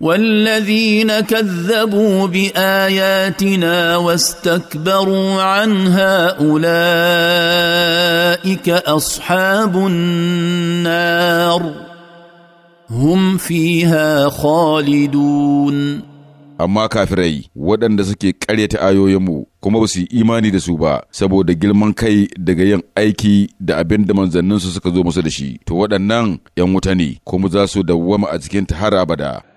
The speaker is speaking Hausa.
والذين كذبوا باياتنا واستكبروا عنها اولئك اصحاب النار هم فيها خالدون amma kafirai waɗanda suke ƙaryata ayoyinmu kuma ba su yi imani da su ba saboda girman kai daga yin aiki da abinda da manzanninsu suka zo musu da shi to waɗannan ‘yan wuta ne kuma za su dawwama a cikin har abada